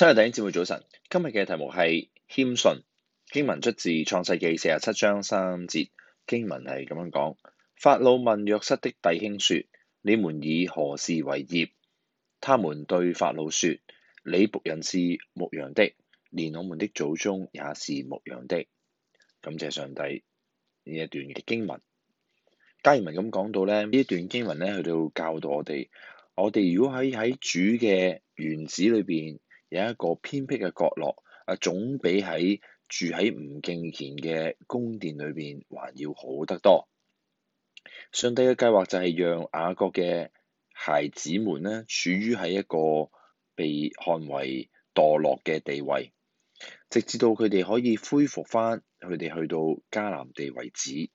今日弟兄姊妹早晨，今日嘅題目係謙遜。經文出自創世記四十七章三節。經文係咁樣講：法老問約瑟的弟兄說：你們以何事為業？他們對法老說：你僕人是牧羊的，連我們的祖宗也是牧羊的。感謝上帝呢一段嘅經文，加爾文咁講到咧呢一段經文咧，去到教導我哋，我哋如果喺喺主嘅園子裏邊。有一個偏僻嘅角落，啊，總比喺住喺吳敬賢嘅宮殿裏邊還要好得多。上帝嘅計劃就係讓雅各嘅孩子們咧，處於喺一個被看為墮落嘅地位，直至到佢哋可以恢復翻，佢哋去到迦南地為止。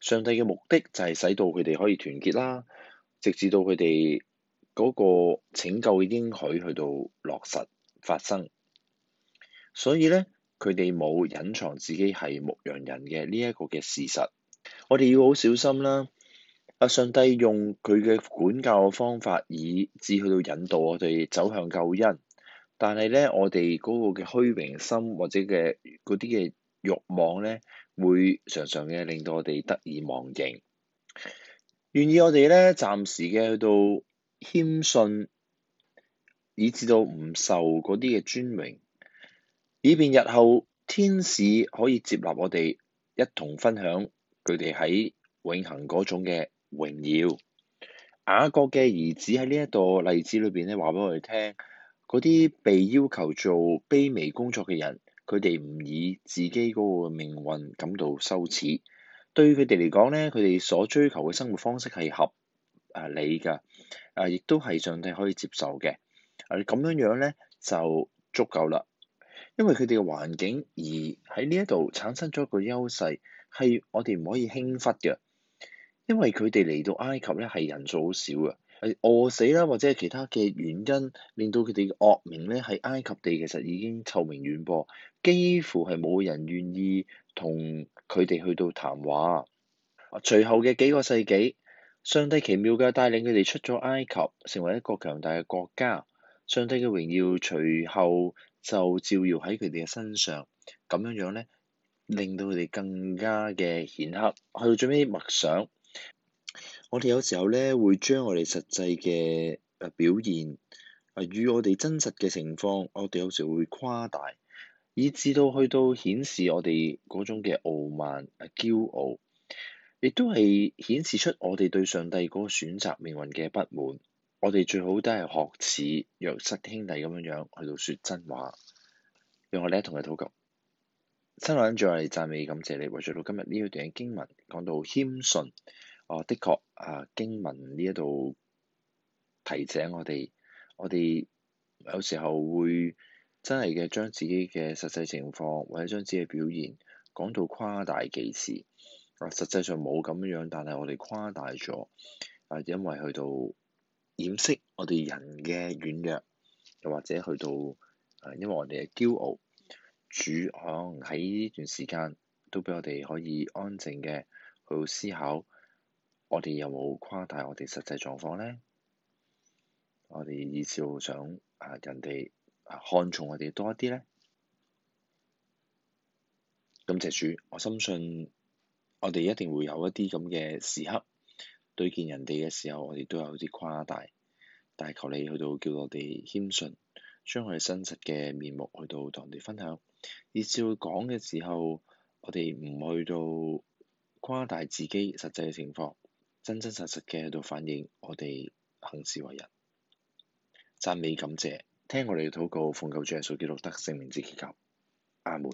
上帝嘅目的就係使到佢哋可以團結啦，直至到佢哋。嗰個拯救已經許去到落實發生，所以咧，佢哋冇隱藏自己係牧羊人嘅呢一個嘅事實，我哋要好小心啦。啊！上帝用佢嘅管教嘅方法，以致去到引導我哋走向救恩，但係咧我哋嗰個嘅虛榮心或者嘅嗰啲嘅慾望咧，會常常嘅令到我哋得意忘形，願意我哋咧暫時嘅去到。謙遜，以至到唔受嗰啲嘅尊榮，以便日後天使可以接納我哋一同分享佢哋喺永恆嗰種嘅榮耀。雅各嘅兒子喺呢一個例子裏邊咧，話俾我哋聽，嗰啲被要求做卑微工作嘅人,佢哋唔以自己嗰個命運感到羞恥，對佢哋嚟講咧，佢哋所追求嘅生活方式係合。啊，你噶，啊，亦都係上帝可以接受嘅，啊，咁樣樣咧就足夠啦。因為佢哋嘅環境而喺呢一度產生咗一個優勢，係我哋唔可以輕忽嘅。因為佢哋嚟到埃及咧，係人數好少嘅，餓死啦，或者係其他嘅原因，令到佢哋嘅惡名咧喺埃及地其實已經臭名遠播，幾乎係冇人願意同佢哋去到談話。啊，隨後嘅幾個世紀。上帝奇妙嘅帶領佢哋出咗埃及，成為一個強大嘅國家。上帝嘅榮耀隨後就照耀喺佢哋嘅身上，咁樣樣咧，令到佢哋更加嘅顯赫。去到最尾默想，我哋有時候咧會將我哋實際嘅誒表現，誒與我哋真實嘅情況，我哋有時會誇大，以至到去到顯示我哋嗰種嘅傲慢誒驕傲。亦都係顯示出我哋對上帝嗰個選擇命運嘅不滿，我哋最好都係學似約瑟兄弟咁樣樣去到說真話，讓我咧同佢討論。親愛嘅弟兄，我哋讚美感謝你，為咗到今日呢一段經文講到謙遜，啊、哦，的確啊，經文呢一度提醒我哋，我哋有時候會真係嘅將自己嘅實際情況或者將自己嘅表現講到誇大幾次。啊，實際上冇咁樣但係我哋誇大咗。啊，因為去到掩飾我哋人嘅軟弱，又或者去到啊，因為我哋嘅驕傲，主可能喺呢段時間都俾我哋可以安靜嘅去思考，我哋有冇誇大我哋實際狀況咧？我哋以至好想啊，人哋啊看重我哋多一啲咧。感謝主，我深信。我哋一定會有一啲咁嘅時刻，對見人哋嘅時候，我哋都有啲誇大。但求你去到叫我哋謙遜，將我哋真實嘅面目去到同人哋分享。以照到講嘅時候，我哋唔去到誇大自己實際嘅情況，真真實實嘅喺度反映我哋行事為人。讚美感謝，聽我哋嘅禱告，奉救主耶穌基督得勝名字祈求，阿門。